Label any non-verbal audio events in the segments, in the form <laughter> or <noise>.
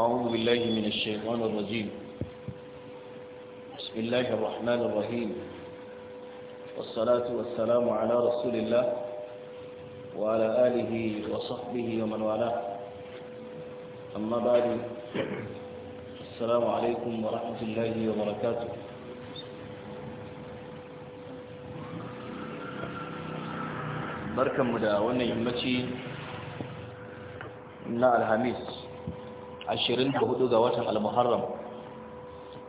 أعوذ بالله من الشيطان الرجيم بسم الله الرحمن الرحيم والصلاة والسلام على رسول الله وعلى آله وصحبه ومن والاه أما بعد السلام عليكم ورحمة الله وبركاته بركة مدى wannan yammaci na alhamis 24 ga watan al-muharram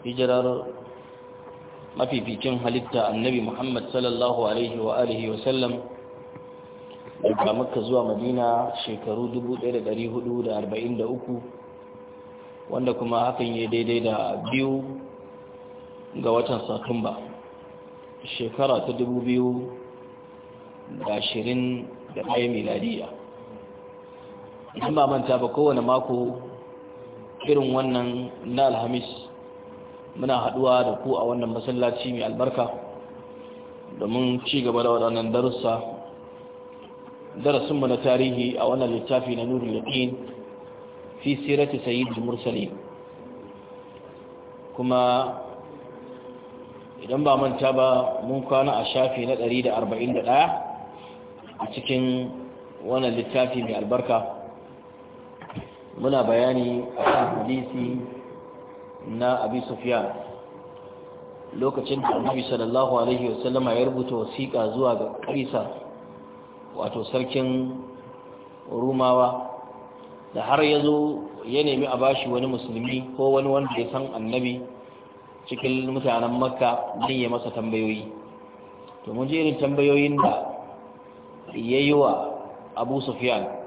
hijirar mafificin halitta annabi muhammad sallallahu alaihi wa alihi wa sallam daga makka zuwa madina shekaru 1443 wanda kuma hakan ya daidai da biyu ga watan satumba shekara ta 2021 miladiya in ba manta ba kowane mako irin wannan na alhamis muna haduwa da ku a wannan masallaci mai albarka domin ci gaba da waɗannan darussa darasinmu na tarihi a wannan littafi na nurul yaqin fi sirati sayyid mursalin kuma idan ba manta ba mun kwana a shafi na 141 a cikin wannan littafi mai albarka muna bayani a kan hadisi na abi sufyan lokacin da annabi sallallahu alaihi wasallama ya rubuta wasiƙa zuwa ga kaisa wato sarkin rumawa da har ya ya nemi a bashi wani musulmi ko wani wanda ya san annabi cikin mutanen makka don ya masa tambayoyi to mun je irin tambayoyin da ya yi wa abu sufyan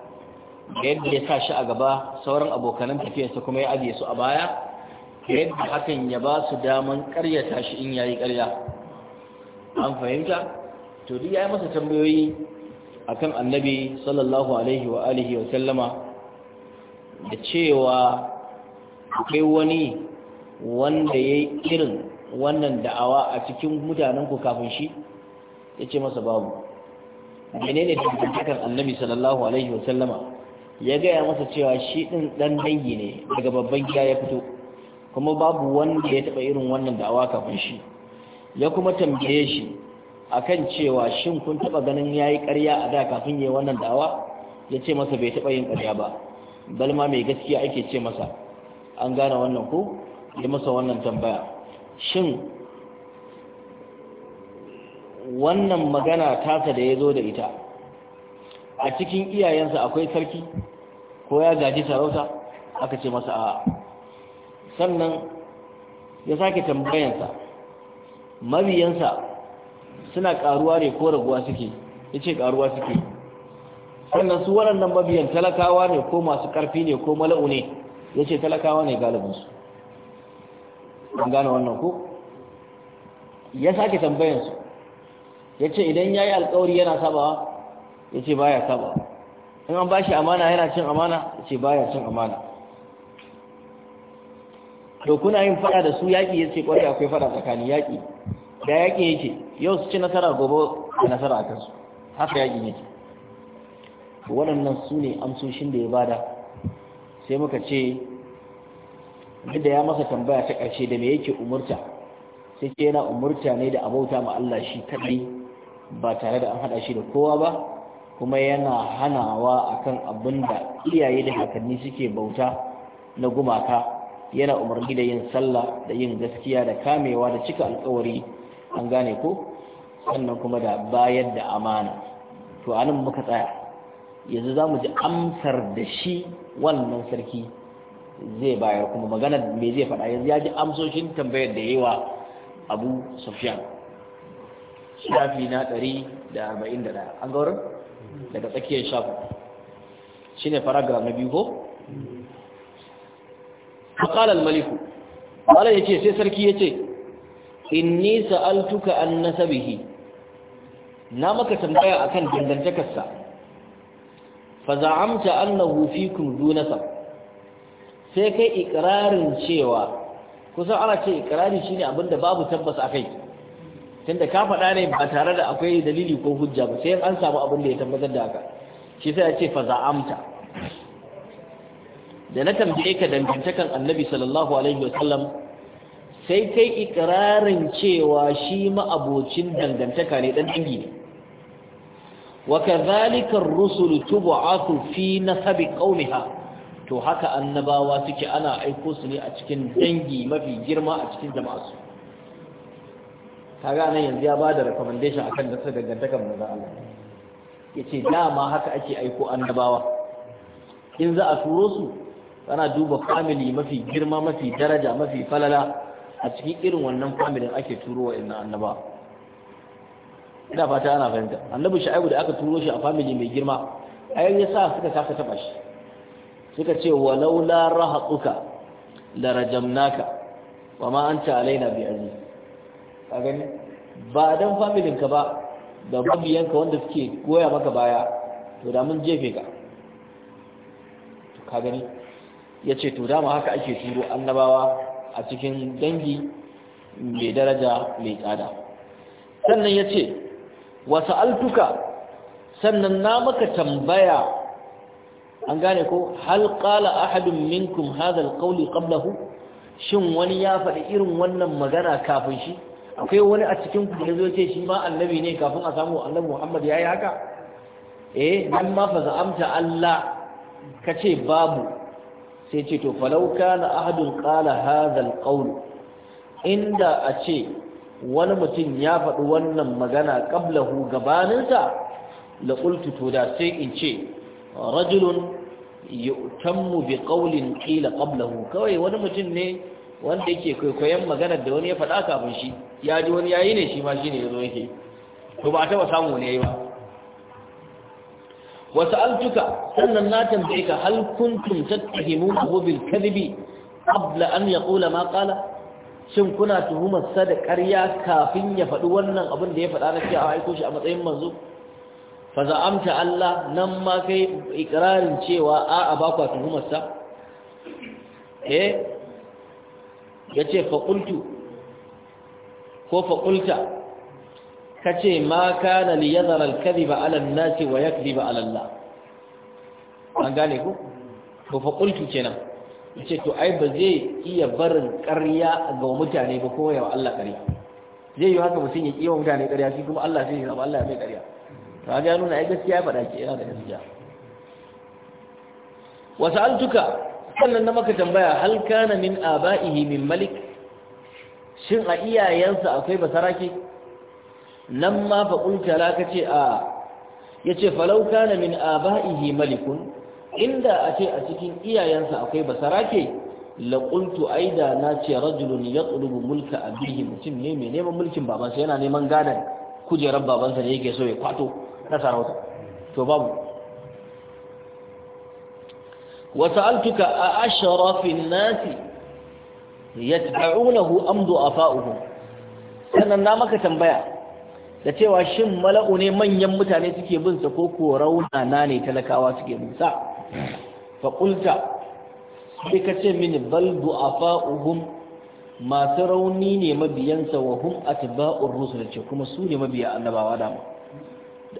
da yadda ya sa shi a gaba sauran abokanan tafiyarsa kuma ya ajiye su a baya yadda hakan ya ba su daman karyata shi in yayi karya an fahimta to duk yi masa tambayoyi akan annabi sallallahu alaihi wa alihi wa sallama da cewa akwai wani wanda ya yi irin wannan da'awa a cikin mutanen ku kafin shi ya ce masa babu menene dangantakar annabi sallallahu alaihi wa sallama ya gaya masa cewa shi ɗin ɗan dangi ne daga babban gida ya fito kuma babu wanda ya taɓa irin wannan da'awa kafin shi ya kuma tambaye shi akan cewa shin kun taɓa ganin ya yi ƙarya a da kafin ya yi wannan da'awa ya ce masa bai taɓa yin ƙarya ba balma mai gaskiya ake ce masa an gane wannan ko ya masa wannan tambaya shin wannan magana tasa da ya zo da ita a cikin iyayensa akwai sarki ko ya gaji sarauta aka ce masa a sannan ya sake tambayansa mabiyansa suna karuwa ne ko raguwa suke ya ce karuwa suke sannan su waɗannan mabiyan talakawa ne ko masu ƙarfi ne ko mala'u ne ya ce talakawa ne galibinsu an gane wannan ko ya sake tambayansu ya ce idan ya yi alkawari yana sabawa ya ce ba ya saba in an ba shi amana yana cin amana ya ce ba ya cin amana to kuna yin fada da su yaƙi ya ce ƙwarai akwai fada tsakanin yaƙi da yaƙi ya ce yau su ci nasara gobe da nasara a kansu haka yaƙin ce waɗannan su ne amsoshin da ya bada sai muka ce da ya masa tambaya ta ƙarshe da me yake umurta sai ke yana umurta ne da abauta ma Allah shi kaɗai ba tare da an haɗa shi da kowa ba kuma yana hanawa akan abin da iyaye da kakanni suke bauta na gumaka yana umarni da yin sallah da yin gaskiya da kamewa da cika alkawari an gane ko sannan kuma da bayar da amana to anan muka tsaya yanzu za mu ji amsar da shi wannan sarki zai bayar kuma magana me zai faɗa yanzu ya ji amsoshin tambayar da yawa abu sufyan shafi na 141 an ga wurin daga tsakiyar shafi shi ne faragraf na biyu ko? faƙalar maliku ƙwalar ya ce sai sarki ya ce in nisa altuka an nasabihi na maka tambaya akan dangantakarsa faza'amta annahu fikum du sai kai ikirarin cewa kusan ana ce ikirari shine abinda babu tabbas a kai. tunda ka faɗa ne ba tare da akwai dalili ko hujja ba sai an samu abin da ya tabbatar da haka shi sai ya ce fa za'amta da na tambaye ka dangantakan annabi sallallahu alaihi sallam sai kai ikirarin cewa shi ma'abocin dangantaka ne dan dangi ne wa kadhalika ar-rusul tub'athu fi nasabi qaumiha to haka annabawa suke ana aiko su ne a cikin dangi mafi girma a cikin jama'a su kaga nan yanzu ya ba da recommendation akan da su dangantakar manzan Allah ce dama haka ake aiko annabawa in za a turo su ana duba family mafi girma mafi daraja mafi falala a cikin irin wannan family ake turo wa inna annaba ina fata ana fahimta annabi shu'aibu da aka turo shi a family mai girma ya yasa suka saka taba shi suka ce wa la rahaquka la rajamnaka wa ma anta alaina bi a gani ba dan familin ka ba da mabiyanka wanda suke goya maka baya to da mun jefe ka ka gani ce to dama haka ake turo annabawa a cikin dangi mai daraja mai tsada sannan ya ce wasu altuka sannan na maka tambaya an gane ko hal qala ahadun minkum hadal alqawli shin wani ya faɗi irin wannan magana kafin shi akwai wani a cikin ku yazo ce shi ma annabi ne kafin a samu annabi Muhammad yayi haka eh nan ma fa za'amta Allah kace babu sai ce to falau kana ahadun qala hadha alqawl inda a ce wani mutum ya faɗi wannan magana ƙablahu gabaninsa la qultu to da sai in ce rajulun yu'tammu bi qawlin qila ƙablahu kawai wani mutum ne wanda yake kwaikwayon maganar da wani ya faɗa kafin shi ya ji wani yayi ne shi ma shi ne ya zo yake to ba taɓa samu ne ba wasu altuka sannan na tambaye ka hal kuntum tattahimu abu bil kadibi qabla an yaqula ma qala shin kuna tuhumar sa da ƙarya kafin ya faɗi wannan abin da ya faɗa na cewa aiko shi a matsayin manzo fa za'amta Allah nan ma kai ikrarin cewa a'a ba ku tuhumar sa eh ya ce faƙultu ko faƙulta ka ce ma kana li yazar alkari ba alan nasi wa yakli ba alan an gane ku? ko faƙultu kenan ya ce to ai ba zai iya barin ƙarya ga mutane ba koya wa Allah ƙarya zai yi haka mutum ya ƙi wa mutane ƙarya shi kuma Allah sai ya zama Allah ya mai ƙarya ta ga nuna ai gaskiya ya faɗa ke yana da gaskiya wasu altuka sannan na maka tambaya hal kana min aba'ihi min malik shin a iyayensa akwai basarake nan ma fa kunta la kace a yace falau kana min aba'ihi malikun inda a ce a cikin iyayensa akwai basarake la qultu aida na ce rajulun yatlubu mulka abihi mutum ne mai neman mulkin sa yana neman gadan kujerar babansa ne yake so ya kwato na sarauta to babu وسألتك أأشرف الناس يتبعونه أم ضعفاؤهم sannan na maka tambaya da cewa shin mala'u ne manyan mutane suke bin ko ko na ne talakawa suke bin sa fa qulta sai ka ce mini a du'afa'uhum masu rauni ne mabiyansa wa hum rusu da ce kuma su ne mabiya annabawa dama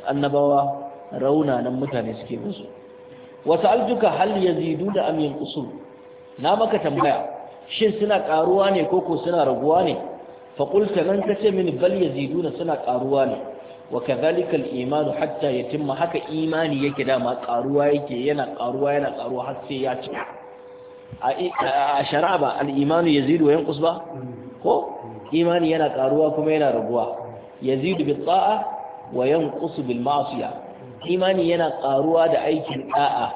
annabawa nan mutane suke bin wasu aljuka hal yazidu da amin yanqusun na maka tambaya shin suna karuwa ne koko suna raguwa ne fa qulta nan kace min bal da suna karuwa ne wa kadhalika al-iman hatta yatimma haka imani yake da ma karuwa yake yana karuwa yana karuwa har sai ya cika a shari'a al-iman yazidu wa yanqus ba ko imani yana karuwa kuma yana raguwa yazidu bi ta'a wa yanqusu bil ma'siyah imani yana ƙaruwa da aikin ɗa'a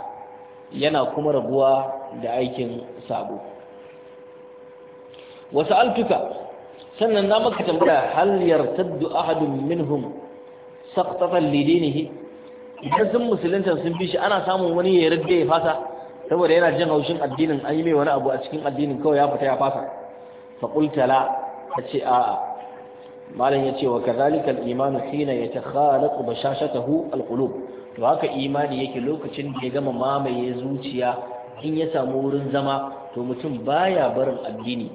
yana kuma rabuwa da aikin sabo wasu altuka sannan na maka tambaya hal taddu ahadun minhum saqtatan lidinihi idan sun musulunta sun fi shi ana samun wani ya yarda ya fasa saboda yana jin haushin addinin an yi mai wani abu a cikin addinin kawai ya fita ya fasa faƙultala ta ce a'a malam ya ce wa kazalika al-iman hina yatakhalaqu bashashatahu al-qulub to haka imani yake lokacin da ya gama mamaye zuciya in ya samu wurin zama to mutum baya barin addini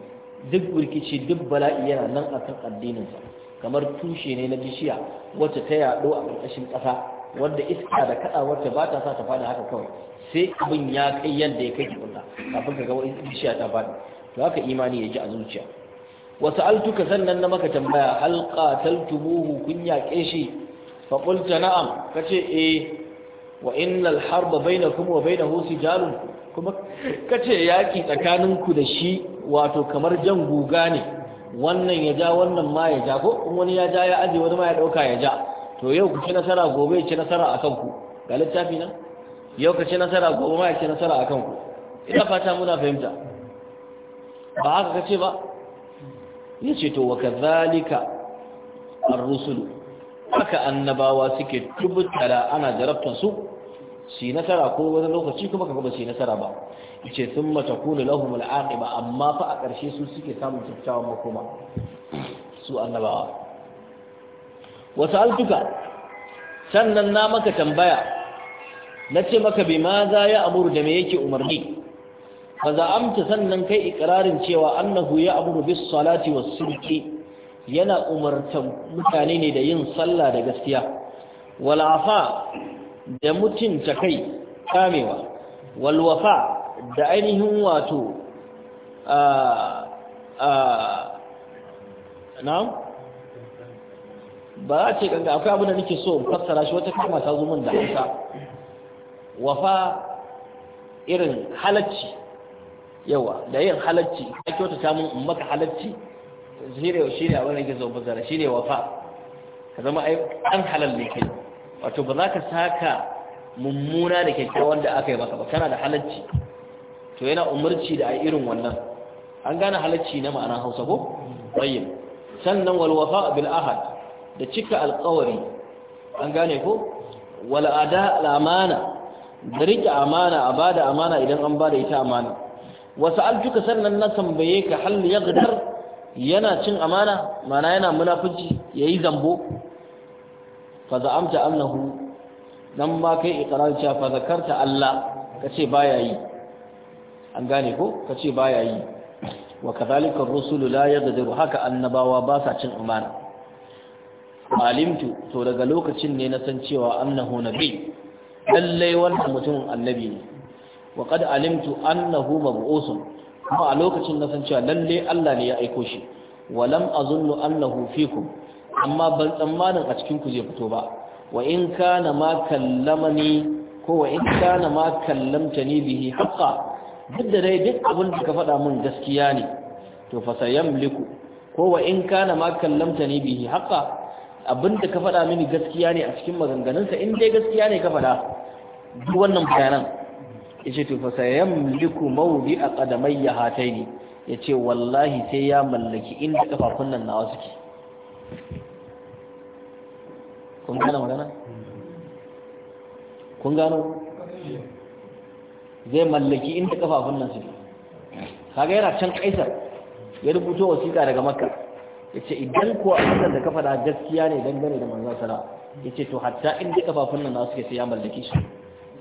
duk burkici duk bala'i yana nan akan addininsa kamar tushe ne na bishiya wacce ta yaɗo a ƙarƙashin ƙasa wanda iska da kaɗa wacce ba ta sa ta fada haka kawai sai abin ya kai yadda ya kai kafin ka ga wani bishiya ta fada to haka imani ya ji a zuciya wasu altuka sannan na maka tambaya alƙataltumuhu kun yaƙe shi faƙulta na'am ka ce e, wa innal harba kuma wa hosi jalun kuma ka ce yaƙi tsakaninku da shi wato kamar jan guga ne wannan ya ja wannan ma ya ja ko in wani ya ja ya aji wani ma ya ɗauka ya ja to yau ku ci nasara gobe ya ci nasara a kanku. ga littafi na yau ka ci nasara gobe ma ya ci nasara a kanku. ina fata muna fahimta ba haka ka ce ba yace to wa kadhalika ar-rusul haka annabawa suke tubutara ana jarabtar su shi nasara ko wani lokaci kuma kaga ba shi nasara ba yace thumma takunu lahum al-aqiba amma fa a ƙarshe su suke samun kyakkyawan makoma su annabawa wa sa'altuka sannan na maka tambaya nace maka bi ma za ya amuru da me yake umarni fa za'amta sannan kai ikrarin cewa annahu ya abu bis salati was sidqi yana umartan mutane ne da yin sallah da gaskiya wal afa da mutunta kai kamewa wal wafa da ainihin wato a a na'am ba za ce ganga akwai abin da nake so in fassara shi wata kama ta zo min da hausa wafa irin halacci yawa da yin halacci ka kyautata mun in maka halacci shine shi ne a yake gizo bazara shi ne wafa ka zama ai an halal ne kai wato ba za ka saka mummuna da kyakkyawan da aka yi maka ba kana da halacci to yana umarci da a irin wannan an gane halacci na ma'ana hausa ko bayyana. sannan wal wafa bil ahad da cika alƙawari an gane ko wal ada al amana da rike amana a bada amana idan an bada ita amana wasu aljuka sannan na tambaye ka hal ya gadar yana cin amana mana yana munafici ya yi zambo fa za'amta annahu nan ma kai iqrar cewa fa zakarta Allah kace baya yi an gane ko kace baya yi wa kadhalika ar-rusulu la yaghdiru haka annabawa ba sa cin amana alimtu to daga lokacin ne na san cewa annahu nabi lallai wannan mutumin annabi ne wa qad alimtu annahu mab'usun kuma a lokacin na san cewa lalle Allah ne ya aiko shi wa lam azunnu annahu fikum amma ban tsammanin a cikin ku zai fito ba wa in kana ma kallamani ko wa in kana ma kallamtani bihi haqqan duk da dai duk abin da ka faɗa min gaskiya ne to fa sayamliku ko wa in kana ma kallamtani bihi haqa abin da ka faɗa mini gaskiya ne a cikin maganganunsa in dai gaskiya ne ka faɗa duk wannan bayanan yace to fa sayamliku mawdi ya hataini yace wallahi sai ya mallaki inda kafafun nan nawa suke kun gano magana kun gano zai mallaki inda kafafun nan suke kaga yana can kaisar ya rubuto wasiƙa daga makka yace idan ko abin da ka faɗa gaskiya ne dangane da manzon sala yace to hatta inda kafafun nan nawa suke sai ya mallaki shi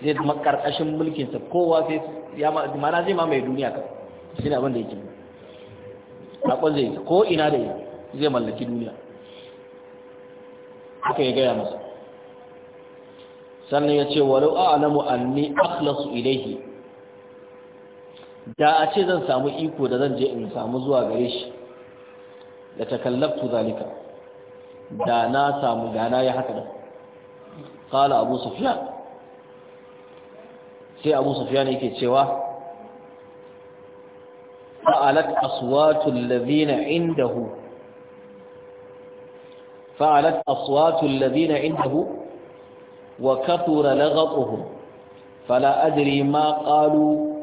zai zama karkashin mulkinsa kowa sai ya mana zai ma mai duniya ka shi ne abin da yake sakon zai ko ina da zai mallaki duniya haka ya gaya masa sannan ya ce walau a'lamu anni akhlasu ilayhi da a ce zan samu iko da zan je in samu zuwa gare shi da takallaftu zalika da na samu gana ya haka da qala abu sufyan sai abu sufiyan yake cewa fa'alat aswatul ladina indahu fa'alat aswatul ladina indahu wa kathura laghatuhum fala adri ma qalu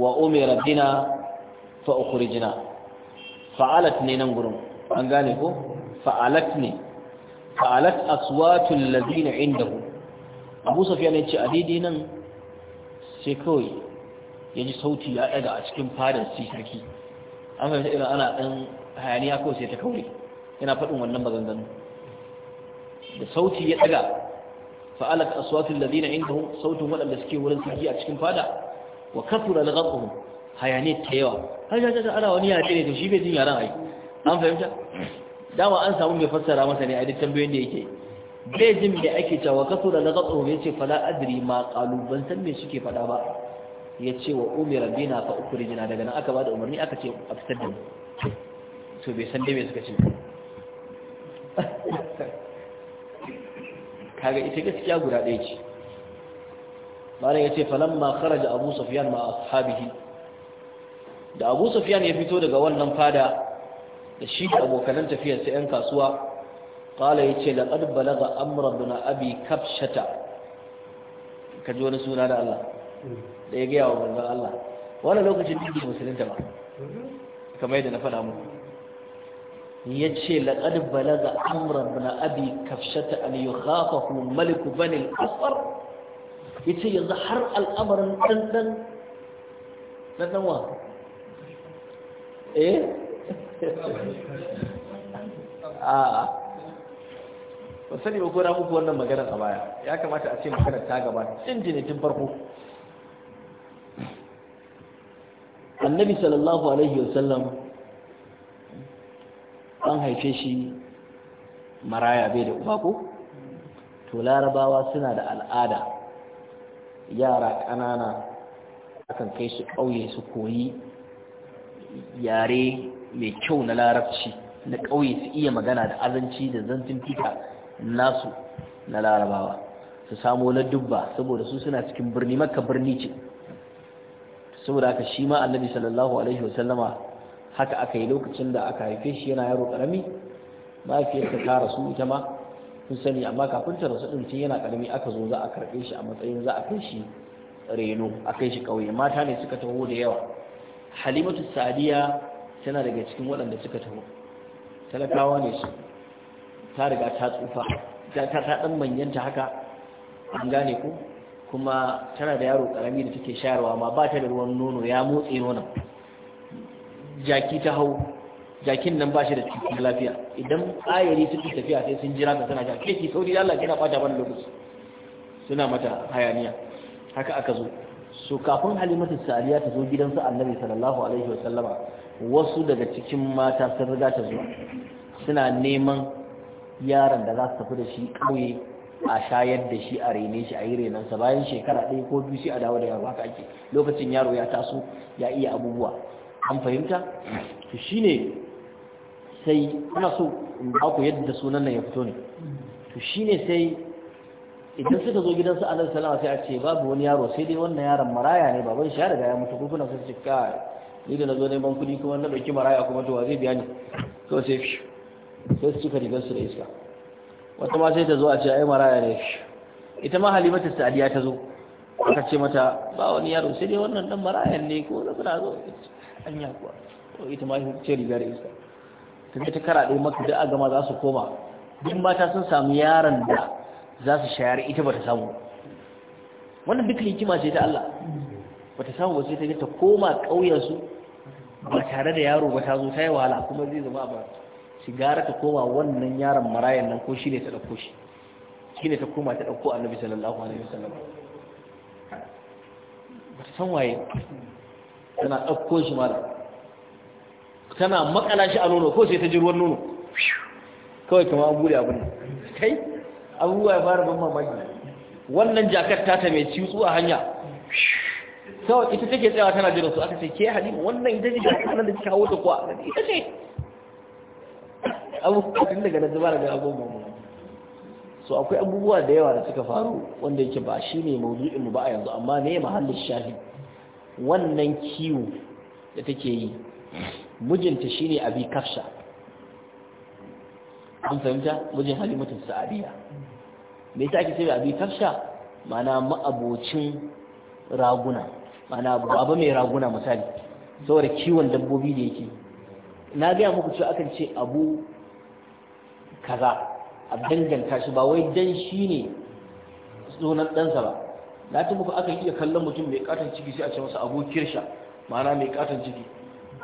wa umira bina fa ukhrijna fa'alat ne nan gurin an gane ko fa'alat ne fa'alat aswatul ladina indahu abu sufiyan yace adidi nan sai kawai ya ji sauti ya ɗaga a cikin fadar sai an fahimta irin ana ɗan hayaniya ko sai ta kawai yana faɗin wannan maganganu da sauti ya ɗaga fa'alat aswatul ladina indahum sautin waɗanda suke wurin sarki a cikin fada wa kathura laghabuhum hayani ta yawa har ya ta ana wani yare ne to shi bai jin yaran ai an fahimta dama an samu mai fassara masa ne a duk tambayoyin da yake bai jin mai ake cewa kaso da lagatsu ya ce fada adiri ma kaluban san me suke fada ba ya ce wa umira bina fa rijina daga nan aka ba da umarni aka ce a fitar da mu to bai san dai me suka ce <laughs> kaga ita gaskiya guda ɗaya ce malam ya ce falamma kharaja abu sufyan ma ashabihi da abu sufyan ya fito daga wannan fada da shi da abokanan tafiyarsa yan kasuwa qala yace laqad balagha amra ibn abi kabshata kaji wani suna da Allah mm. da ya gaya wa manzon Allah wannan lokacin duk musulunta ba mm-hmm. kamar yadda na faɗa muku yace laqad balagha amra ibn abi kabshata an yukhafahu malik bani al-asfar yace yanzu har al'amarin dan <laughs> ba sani ba ko na muku wannan maganar a baya ya kamata a ce maganar ta gaba tun tun farko annabi sallallahu alaihi wasallam an haife shi maraya bai da uba ko to larabawa suna da al'ada yara ƙanana akan kai su ƙauye su koyi yare mai kyau na larabci na ƙauye su iya magana da azanci da zantin fita nasu na larabawa su samo dubba saboda su suna cikin birni makka birni ce saboda haka shi ma annabi sallallahu alaihi wasallama haka aka yi lokacin da aka haife shi yana yaro karami mahaifiyarsa ta rasu ita ma kun sani amma kafin ta rasu ɗin yana karami aka zo za a karɓe shi a matsayin za a kai shi reno a kai shi ƙauye mata ne suka taho da yawa halimatu sadiya tana daga cikin waɗanda suka taho talakawa ne su ta riga ta tsufa ta ta dan manyanta haka an gane ku? kuma tana da yaro karami da take shayarwa ma ba ta da ruwan nono ya motsi nono jaki ta hau jakin nan ba shi da cikin lafiya idan ayari ke tafiya sai sun jira ka tana ja ke ki sauri Allah kina fata ban lokaci suna mata hayaniya haka aka zo so kafin halimatu saliya ta zo gidan gidansu annabi sallallahu alaihi wasallama wasu daga cikin mata sun riga ta zuwa suna neman yaron da za su tafi da shi ƙauye a shayar da shi a rene shi a yi renansa bayan shekara ɗaya ko biyu sai a dawo da yaro haka ake lokacin yaro ya taso ya iya abubuwa an fahimta to shine sai ana so in ba ku yadda sunan nan ya fito ne to shine sai idan suka zo gidansu a nan salama sai a ce babu wani yaro sai dai wannan yaron maraya ne baban shi ya riga ya mutu kuma sai su ce ka ni da nazo neman kuɗi kuma na dauki maraya kuma to wa zai biya ni to sai fi. sai su cika rigarsu da iska wata ma sai ta zo a ce ai maraya ne ita ma halimatu sa'adiya ta zo aka ce mata ba wani yaro sai dai wannan dan marayan ne ko da kuna zo anya kuwa to ita ma ce rigar iska ta ta kara dai maka da agama za su koma duk mata sun samu yaron da za su shayar ita ba ta samu wannan duk hikima ce ta Allah Ba ta samu ba sai ta ta koma ƙauyen su ba tare da yaro ba ta zo ta yi wahala kuma zai zama ba ci gara ta koma wannan yaron marayan nan ko shi ne ta ɗauko shi shi ne ta koma ta ɗauko annabi sallallahu alaihi wasallam ba ta san waye tana ɗauko shi mara tana makala shi a nono ko sai ta ji ruwan nono kawai kama an bude abin kai abubuwa ya fara ban mamaki wannan jakar ta mai ciwo a hanya kawai ita take tsayawa tana jiran su aka ce ke halima wannan ita ce jakar nan da kika hawo ta kuwa ita ce abubuwa daga na zubar da abubuwan mu so akwai abubuwa da yawa da suka faru wanda yake ba shi ne maudu'in mu ba a yanzu amma ne mahallin shafi. wannan kiwo da take yi mijinta shine abi kafsha an fahimta mijin halimatu sa'adiya me yasa ake cewa abi kafsha ma'ana ma'abocin raguna ma'ana baba mai raguna misali saboda kiwon dabbobi da yake na gaya muku cewa akan ce abu kaza a danganta shi ba wai dan shi ne sunan ɗansa ba na ta muku aka iya kallon mutum mai katon ciki sai a ce masa abu kirsha ma'ana mai katon ciki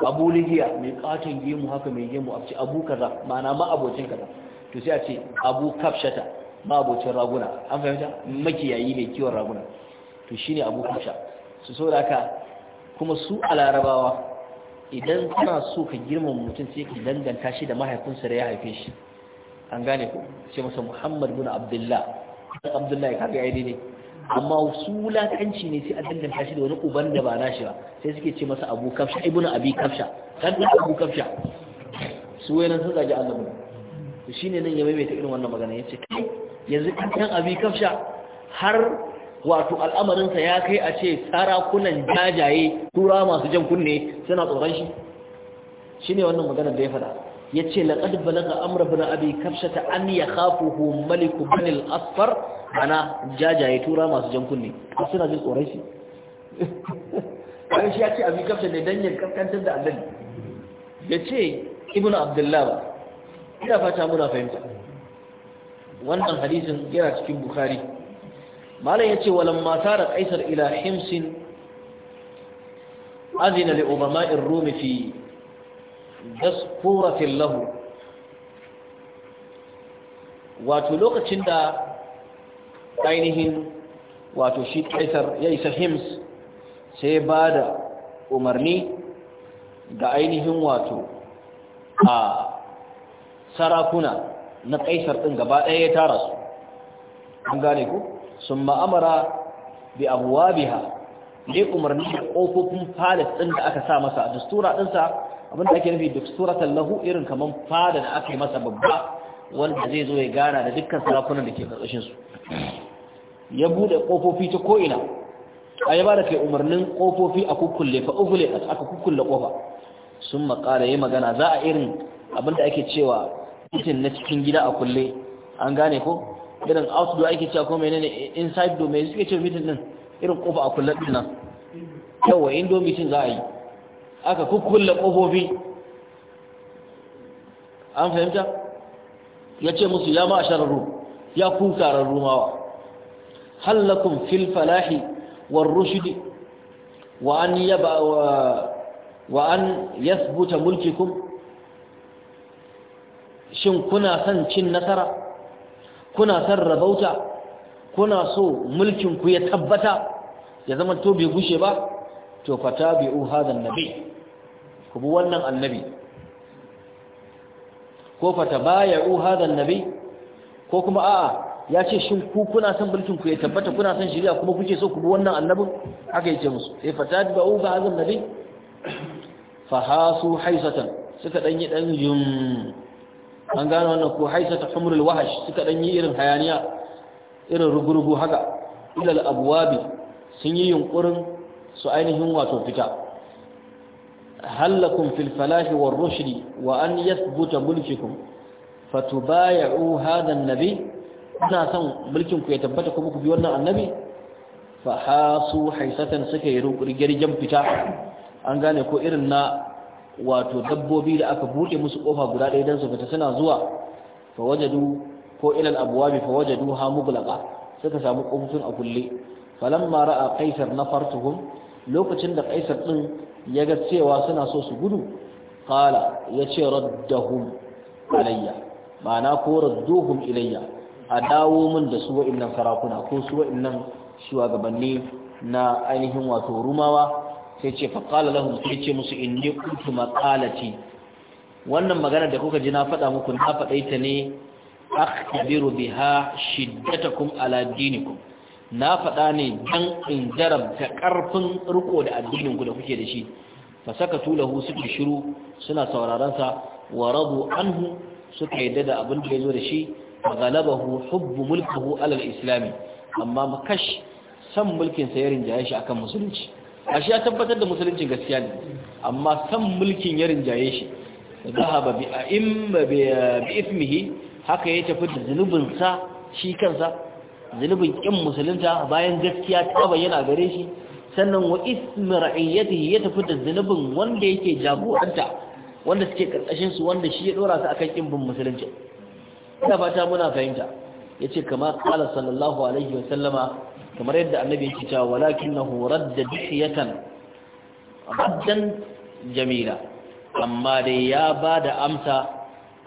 abu ligiya mai katon gemu haka mai gemu a ce abu kaza ma'ana ma abocin kaza to sai a ce abu kafshata ma abocin raguna an fahimta makiyayi mai kiwon raguna to ne abu kafsha su so da kuma su a larabawa idan kana so ka girmama mutum sai ka danganta shi da mahaifinsa da ya haife shi an gane ku ce masa muhammad bin Abdullahi abdullahi ya kaga ne amma su kanci ne sai a danganta shi da wani uban da ba nashi ba sai suke ce masa abu kafsha ibnu abi kafsha Kan da abu kafsha su wayan sun gaji annabi to shine nan ya maimaita irin wannan magana yace kai yanzu kan abi kafsha har wato al'amarin sa ya kai a ce tsara kunan jajaye tura masu jan kunne suna tsoron shi shine wannan magana da ya faɗa Ya yace laqad balaga amr ibn abi kafshata an yakhafuhu malik ibn al-asfar ana jajaye tura masu jankunne suna jin tsoron shi kai <laughs> shi ce abi kafsha ne dan yin kaskantar da annabi yace ibn abdullah ba ina fata muna fahimta wannan hadisin yana cikin bukhari malam yace walamma tara qaisar ila himsin azina li umama'ir rumi fi daskuratin lahu wato lokacin da ainihin wato shi kaisar ya isa hims sai ba da umarni ga ainihin wato a sarakuna na kaisar ɗin gaba ɗaya ya tara su an gane ku sun ma'amara bi abuwa biha ne umarni da ƙofofin falis ɗin da aka sa masa a dastura ɗinsa abin da ake nufi duk suratan lahu irin kaman fada da aka yi masa babba wanda zai zo ya gana da dukkan sarakunan da ke karkashin ya bude kofofi ta ko'ina a ya bada ke umarnin kofofi a kukulle fa ugule aka kukulle kofa sun makala yi magana za a irin abin da ake cewa mutum na cikin gida a kulle an gane ko irin outdoor ake cewa ko menene inside domain suke ce mitin din irin kofa a kulle din nan yawa indomitin za a yi aka kukkulle ƙofofi an fahimta ya ce musu ya ma shararru ya ku tarar rumawa hallakun fil falahi war rushdi wa an yaba wa an yasbuta mulkikum shin kuna son cin nasara kuna son rabauta kuna so mulkin ku ya tabbata ya zama to bai gushe ba to fatabi'u hadan nabi ku bi wannan annabi ko fata baya u hada annabi ko kuma a'a ya ce shin ku kuna son bulkin ku ya tabbata kuna son shari'a kuma kuke so ku bi wannan annabin haka yake musu sai eh, fata ba u hada annabi fa hasu haisatan suka dan yi dan yum an gano wannan ku haisata humrul wahash suka dan yi irin hayaniya irin rugurugu haka ilal abwabi sun yi yunkurin su ainihin wato fita halakum fil falahi war rushdi wa an yathbuta mulkukum fatubay'u hadha an-nabi ina son mulkin ku ya tabbata kuma muku bi wannan annabi fa hasu haisatan suka yi rigirgin fita an gane ko irin na wato dabbobi da aka buɗe musu kofa guda ɗaya dan su fita suna zuwa fa wajadu ko ila al-abwab fa wajadu ha mughlaqa suka samu kofofin a kulle falamma ra'a qaisar nafartuhum lokacin da qaisar ɗin. ya ga cewa suna so su gudu qala ya ce raddahum alayya ma'ana ko radduhum ilayya a dawo mun da su nan sarakuna ko su nan shugabanni na ainihin wato rumawa sai ce faqala lahum sai ce musu inni kuntu maqalati wannan magana da kuka ji na faɗa muku na faɗaita ne akhbiru biha shiddatakum ala dinikum na faɗa ne dan in jarabta ƙarfin riko da addinin ku da kuke da shi fa saka tulahu suke shiru suna sauraron sa wa rabu anhu suka yadda da abin da zo da shi ghalabahu hubbu mulkihi ala al-islam amma makash san mulkin sa ya jaye shi akan musulunci ashe ya tabbatar da musulunci gaskiya ne amma san mulkin ya rinjaye shi zahaba bi a'imma bi ithmihi haka ya tafi da zunubinsa shi kansa zunubin ƙin musulunta bayan gaskiya ta bayyana gare shi sannan wa ismi ra'iyatihi ya tafi da zunubin wanda yake jagoranta wanda suke karkashin su wanda shi ya dora su akan kin bin musulunci ina fata muna fahimta yace kamar qala sallallahu alaihi wa sallama kamar yadda annabi yake cewa walakinahu radda bihiyatan raddan jamila amma dai ya bada amsa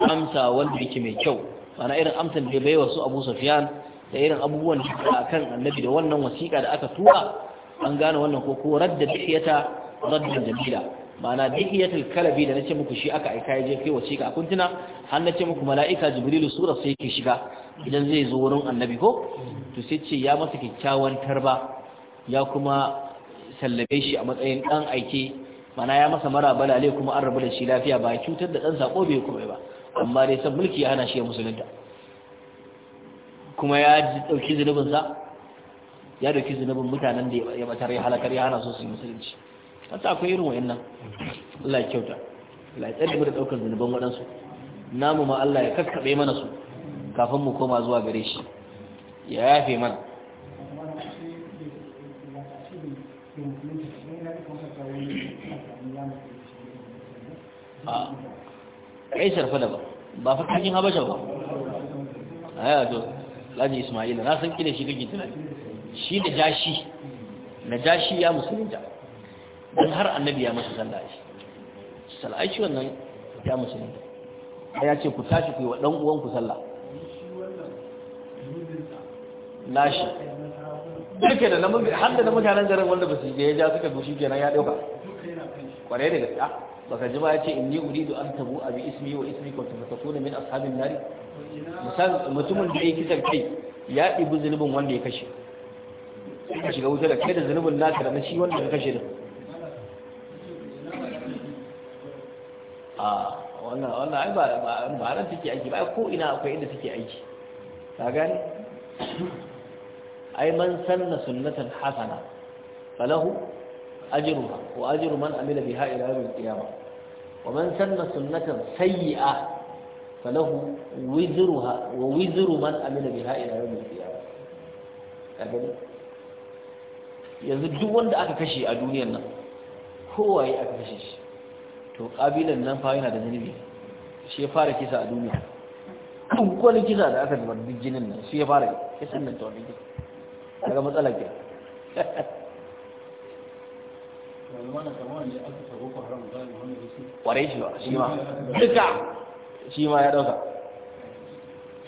amsa wanda yake mai kyau mana irin amsan da bai wa su Abu Sufyan da irin abubuwan da a kan annabi da wannan wasiƙa da aka tura an gane wannan ko ko radda dihiyata radda jamila ma'ana dihiyatul kalabi da nace muku shi aka aika je kai wasiƙa kun tuna har nace muku mala'ika jibrilu sura sai ke shiga idan zai zo wurin annabi ko to sai ce ya masa kyakkyawan tarba ya kuma sallame shi a matsayin dan aike ma'ana ya masa mara balale kuma an rabu da shi lafiya ba cutar da dan sako bai kuma ba amma dai san mulki ya hana shi ya musulunta kuma ya dauki zunubin sa ya dauki zunubin mutanen da ya batar ya halakar ya hana su musulunci wata akwai irin nan Allah ya kyauta Allah ya tsare mu da daukar zunuban waɗansu. namu ma Allah ya kakkaɓe mana su kafin mu koma zuwa gare shi ya yafe mana a ƙaisar fa da ba ba fa cikin habasha ba a yi a alhaji ismaila na san kila shi kake tunani shi da jashi na jashi ya musulunta don har annabi ya masa sallah shi sallah shi wannan ya musulunta ya ce ku tashi ku yi wa ɗan uwanku sallah lashi duka da namun har da na mutanen garin wanda ba su je ya ja suka dushi kenan ya ɗauka kwarai da gaskiya baka ji ba ya ce inni uridu an tabu abi ismi wa ismi kuntu fatakuna min ashabin nari misal mutumin da ya kisan kai ya ɗibi zunubin wanda ya kashe sai ka shiga wuta da kai da zunubin naka da na shi wanda ka kashe din a ah, wannan wannan ai ba ba ran take aiki ba ko ina akwai inda take aiki ka gane ai man sanna sunnatan hasana falahu ajruha wa ajru man amila biha ila yawm al-qiyamah ومن سن سنة سيئة فله وزرها ووزر من أمن بها إلى يوم القيامة أبدا yanzu duk wanda aka kashe a duniyar nan kowaye aka kashe shi to ƙabilan nan fa yana da zunubi shi ya fara kisa a duniya duk wani kisa da aka zubar duk jinin nan shi ya fara kisan nan ta wani kisa daga matsalar kira kwarai shi ba shi ma duka shi ma ya dauka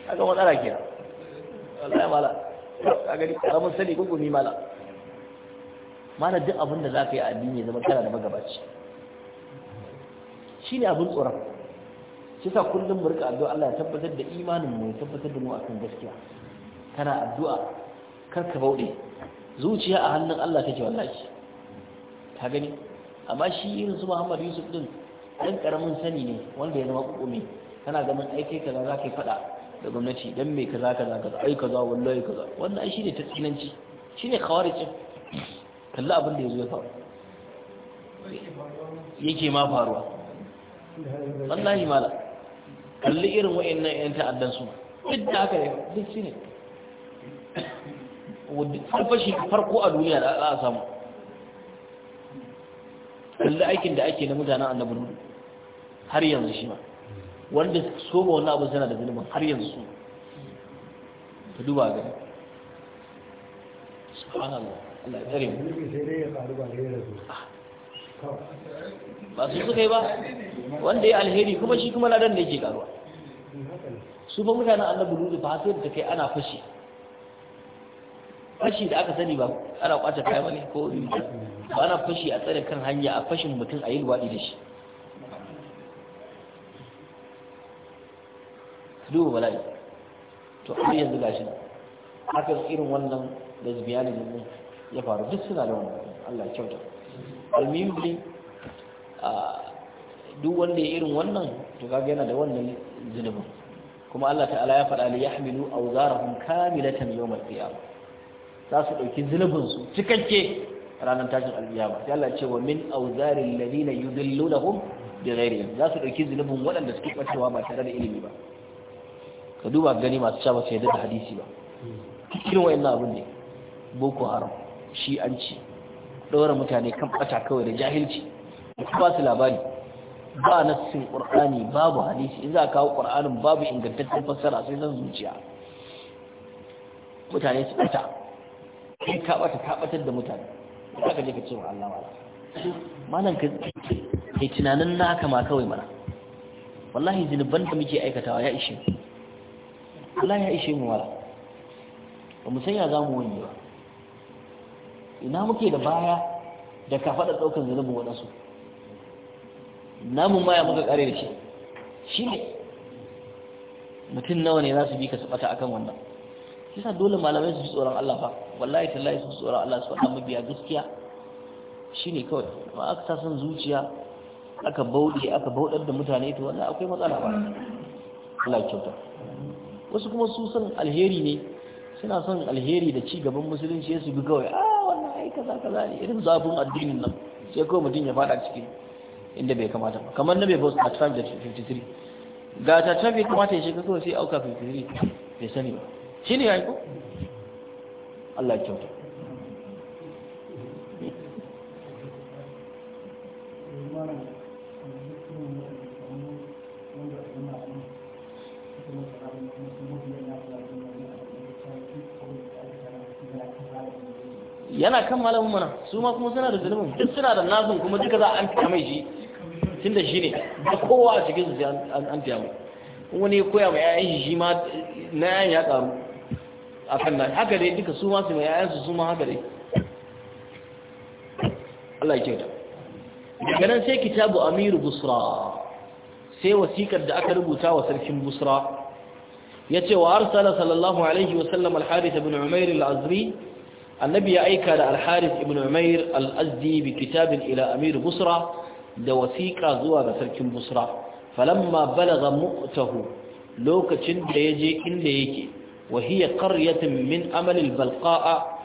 aka matsala ke wallahi mala A gani ƙaramin sani ko gumi mala mana duk abin da za ka yi addini zama kana da magabaci shi ne abin tsoron shi sa kullum murka addu'a Allah ya tabbatar da imanin mu ya tabbatar da mu akan gaskiya kana addu'a kar ka bauɗe zuciya a hannun Allah take wallahi ka gani amma shi irin su Muhammad Yusuf din dan karamin sani ne wanda ya zama kukumi kana ganin ai kai kaza za kai fada da gwamnati dan mai kaza kaza kaza ai kaza wallahi kaza wannan ai shine shi ne khawarij kalla abin da ya zo ya faru yake ma faruwa wallahi mala kalli irin wayannan yan ta'addan su duk da haka duk shine wadda farko a duniya da a samu kalli aikin da ake na mutanen annabi nuhu har yanzu shi ma wanda so ba wannan abu sana da zunubin har yanzu su ta duba ga subhanallah Allah ya ba su suka yi ba wanda ya alheri kuma shi kuma ladan da yake karuwa hmm, su ba mutanen annabi nuhu ba sai da kai ana fashi fashi da aka sani ba ana kwace kaya bane ko ba ana fashi a tsare kan hanya a fashin mutum a yi luwaɗi da shi duba bala'i to har yanzu gashi haka irin wannan lesbianin ne ya faru duk suna da wannan Allah ya kyauta almimbi a duk wanda ya irin wannan to kaga yana da wannan zunubin kuma Allah ta'ala ya faɗa li yahmilu awzarahum kamilatan yawmal qiyamah za su ɗauki zunubinsu cikakke ranar tashin alƙiyama sai Allah ce wa min auzarin ladina yudillunahum bi ghairi za su ɗauki zunubin waɗanda suke ɓacewa ba tare da ilimi ba ka duba gani masu su sai da hadisi ba irin wayannan abin ne boko haram shi an mutane kan ɓata kawai da jahilci ba su labari ba nassin ƙur'ani babu hadisi in za a kawo ƙur'anin babu ingantaccen fassara sai zan zuciya mutane su ɓata kai ka bata ka da mutane za ka je ka ce wa Allah wala malam ka kai tunanin naka ma kawai mana wallahi zinuban da muke aikatawa ya ishe wallahi ya ishe mu wala ba mu san ya zamu wani ba ina muke da baya da ka faɗa ɗaukar zunubin waɗansu namun ma ya muka ƙare da shi shi ne mutum nawa ne za su bi ka su ɓata akan wannan shi dole malamai su fi tsoron Allah ba wallahi tallahi su tsoron Allah su faɗa mabiya gaskiya shine kawai amma aka sa son zuciya aka bauɗe aka bauɗar da mutane to wannan akwai matsala ba Allah kyauta wasu kuma su son alheri ne suna son alheri da ci gaban musulunci su bi kawai a ah, wannan ai kaza kaza ne irin zafin addinin nan sai kawai mutum ya faɗa ciki, inda bai kamata ba kamar na bai boss da 53 ga ta bai kamata ya shiga kawai sai auka 53 bai sani ba shi ne ya yi ko Allah ya kyauta yana kan malamin mana su ma kuma suna da zulumin duk suna da nasun kuma duka za an fiye mai shi tun da shi ne da kowa a cikin su an fiye mai wani ya koya mai 'ya'yan shi ma na yayin ya karu akan nan haka dai duka su ma su mai yayansu su ma haka dai Allah ya kyauta daga nan sai kitabu amiru Busra sai wasikar da aka rubuta wa sarkin Busra yace wa arsala sallallahu alaihi wa sallam al ibn Umair al-Azri annabi ya aika da al ibn Umair al-Azdi bi kitabin ila Amir Busra da wasiqa zuwa ga sarkin Busra falamma balagha mu'tahu lokacin da yaje inda yake وهي قرية من أمل البلقاء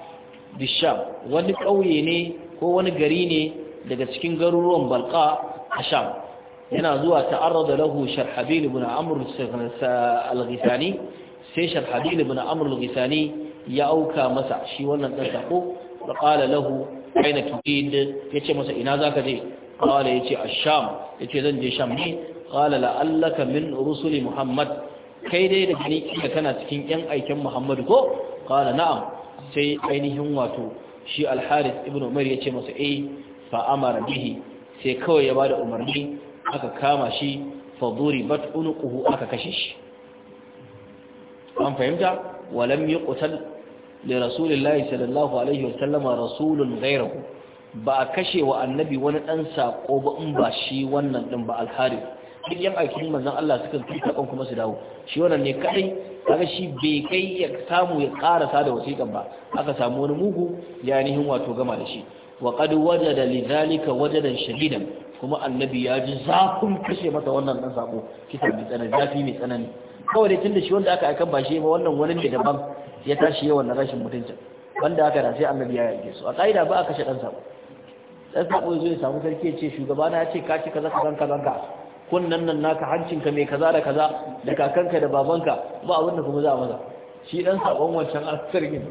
بالشام wani ƙauye ne ko wani gari ne daga cikin garuruwan balqa a sham yana zuwa ta'arrada lahu sharhabil ibn amr al-ghithani sai sharhabil ibn amr al-ghithani ya auka masa shi wannan dan sako da qala lahu aina turid yace masa ina zaka je qala yace ash-sham yace zan je sham ne qala la'allaka min rusuli muhammad kai dai da gani kila kana cikin yan aikin Muhammadu ko qala na'am sai ainihin wato shi al ibn Umar yace masa eh fa amara bihi sai kawai ya ba da umarni aka kama shi fa duribat unuquhu aka kashe shi an fahimta walam yuqtal li rasulillahi sallallahu alaihi wasallama rasulun ghayruhu ba kashe wa annabi wani dan sako ba in ba shi wannan din ba al duk yan aikin manzan Allah sukan fi sakon kuma su dawo shi wannan ne kadai kaga shi bai kai ya samu ya ƙarasa da wasiƙan ba aka samu wani mugu ya nihin wato gama da shi wa qad wajada waje wajadan shadidan kuma annabi ya ji zafin kashe masa wannan dan sako kisa mai tsanani zafi mai tsanani kawai dai tunda shi wanda aka aikan ba shi ba wannan wani ne daban ya tashi yawan rashin mutuncin wanda aka da sai annabi ya yake su a kaida ba a kashe dan sako dan sako zai samu sarki ya ce shugaba na ya ce ka ci kaza kaza kaza kunnan nan naka hancinka mai kaza da kaza da kakanka da babanka ba abin da kuma za a maza shi dan sabon wancan asirgin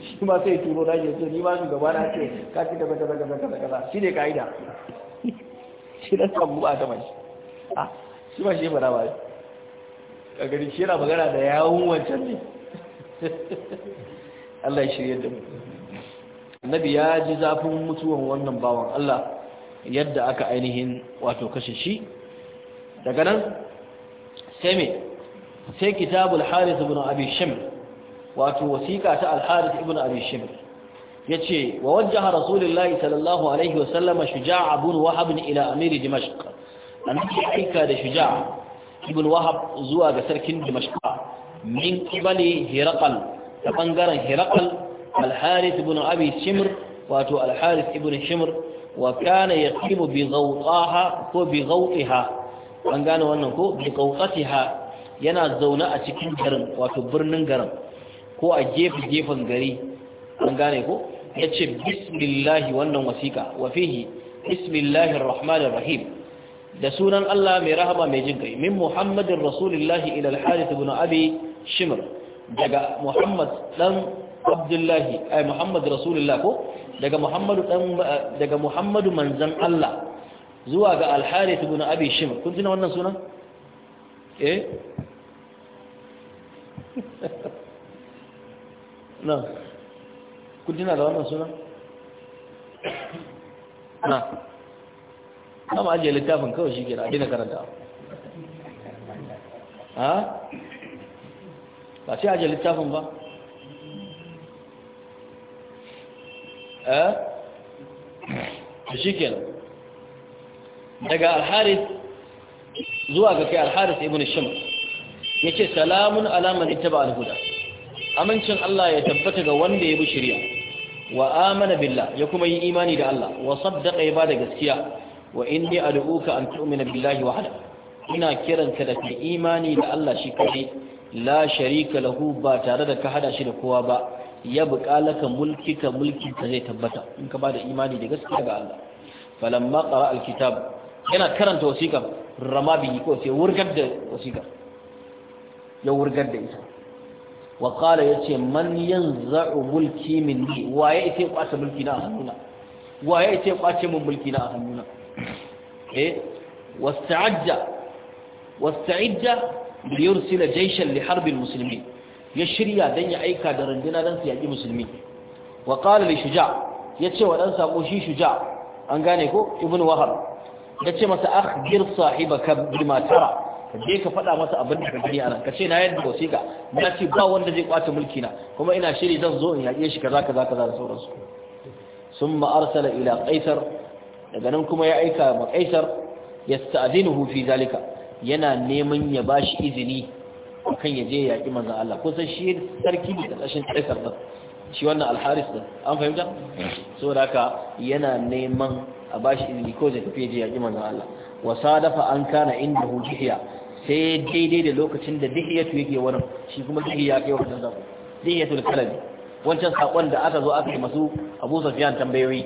shi ma sai turo da ya ni ma shugaba na ce ka ci daga daga daga daga kaza shi ne kaida shi dan sabu a gaban shi a shi ba shi da ba a gari ah, shi yana magana da yawun wancan ne <laughs> Allah ya shirye da mu annabi ya ji zafin mutuwan wannan bawan Allah yadda aka ainihin wato kashe shi daga nan sai me sai kitabul harith ibn abi shimr wato wasiqa ta al harith ibn abi shimr yace wa wajjaha rasulullahi sallallahu alaihi wa sallama shuja'a ibn wahab ila amir dimashq annabi aika da shuja'a ibn wahab zuwa ga sarkin dimashq min qibali hiraqal ta bangaren hiraqal al harith ibn abi shimr wato al harith ibn shimr wa kana yaqimu bi ghawtaha ko bi ghawtiha an gane wannan ko bi ha yana zaune a cikin garin wato birnin garin ko a gefe gefen gari an gane ko yace bismillah wannan wasiƙa wafihi fihi bismillahir rahmanir rahim da sunan Allah mai rahama mai jin kai min muhammadin rasulillahi ila al-harith ibn abi shimr daga muhammad dan abdullahi ay eh, muhammad rasulillah ko daga muhammadu dan eh, daga muhammadu manzan Allah zuwa ga al-harith ibn abi shim kun tuna wannan sunan eh <laughs> na kun tuna da wannan sunan na ma ajiye littafin kawai shi gina abin da karanta ha ba ce ajiye littafin ba eh shi kenan daga alharis zuwa ga kai alharis ibn shams ce salamun alaman ita ba al amincin Allah ya tabbata ga wanda ya bi shirya wa amana billah ya kuma yi imani da Allah wa saddaqa ya bada gaskiya wa inni ad'uka an tu'mina billahi wahda ina kiranka da ka imani da Allah shi kai la sharika lahu ba tare da ka hada shi da kowa ba ya buƙalaka ka mulki ta zai tabbata in ka bada imani da gaskiya ga Allah falamma qara alkitab yana karanta wasiƙar rama bihi ko sai wurgar da wasiƙar ya wurgar da ita wa ya ce man yanza'u mulki minni waye yake kwace mulki na hannuna waye yake kwace min mulki na hannuna eh wasta'ajja wasta'ijja bi yursila jayshan li harbi almuslimin ya shirya dan ya aika da runduna dan su yaki musulmi wa qala li shuja yace wa dan sako shi shuja an gane ko ibnu wahab ya ce masa akhbir sahibaka bima Matara, ka je ka faɗa masa abin da ka gani anan ka ce na yadda wasiƙa na ce ba wanda zai kwace mulki na kuma ina shiri zan zo in yaƙe shi kaza kaza kaza da sauransu summa arsala ila qaisar daga nan kuma ya aika ma qaisar yasta'dinuhu fi zalika yana neman ya bashi izini kan ya je yaƙi manzon Allah ko san shi sarki da kashin qaisar din shi wannan al-haris da, an fahimta saboda haka yana neman a bashi ilimi ko zai tafi je ya ji manzon Allah wa sadafa an kana inda hujiya sai daidai da lokacin da dihiyatu yake wurin shi kuma dihiya kai wannan zabo dihiyatul kalabi wancan sakon da aka zo aka yi masu Abu Sufyan tambayoyi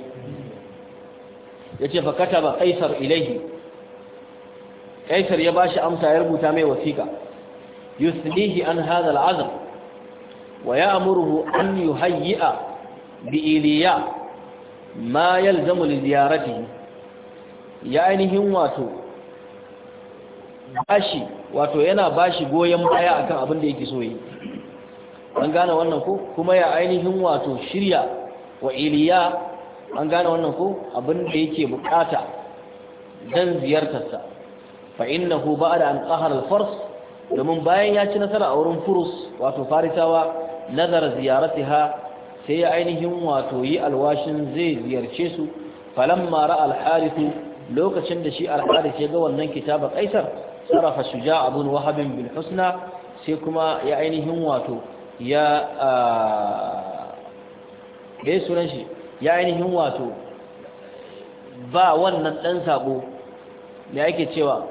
yace fa kataba qaisar ilayhi qaisar ya bashi amsa ya rubuta mai wasiƙa. yuslihi an hadha al'azm wa ya'muruhu an yuhayyi'a bi iliya ما يلزم لزيارته ziyarati ya ainihin wato bashi wato yana bashi goyen baya akan abin da yake so yi an gane wannan ko kuma ya ainihin wato shirya wa iliya an gane wannan ko abin da yake bukata dan ziyartarsa fa innahu ba'da an qahara al-fars domin bayan ya ci nasara a wurin furus wato farisawa nazara ziyaratiha sai ya ainihin wato yi alwashin zai ziyarce su falamma ra al-harith lokacin da shi al-harith ya ga wannan kitaba kaisar sarafa shuja' ibn wahab bil husna sai kuma ya ainihin wato ya sunan shi ya ainihin wato ba wannan dan sako me yake cewa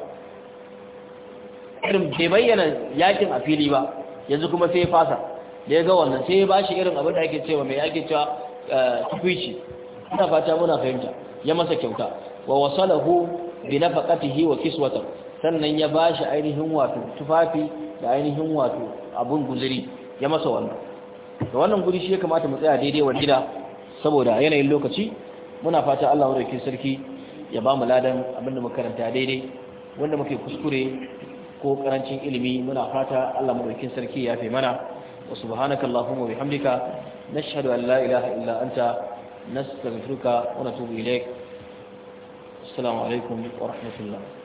irin bai bayyana yakin a fili ba yanzu kuma sai fasa da ya ga wannan sai ya ba shi irin abin da ake cewa mai ake cewa eh, tukwici ina fata muna fahimta ya masa kyauta wa wasalahu bi nafaqatihi wa Kiswata? sannan ya ba shi ainihin wato tufafi da ainihin wato abun guzuri ya masa wannan da wannan guri shi ya kamata mu tsaya daidai wa gida saboda yanayin lokaci muna fata Allah madaukakin sarki ya ba mu ladan abin da muka karanta daidai wanda muke kuskure ko karancin ilimi muna fata Allah madaukakin sarki ya fi mana wa subhanaka allahumma na nashhadu an la ilaha illa anta nastaghfiruka wa natubu ilaik assalamu alaikum wa rahmatullah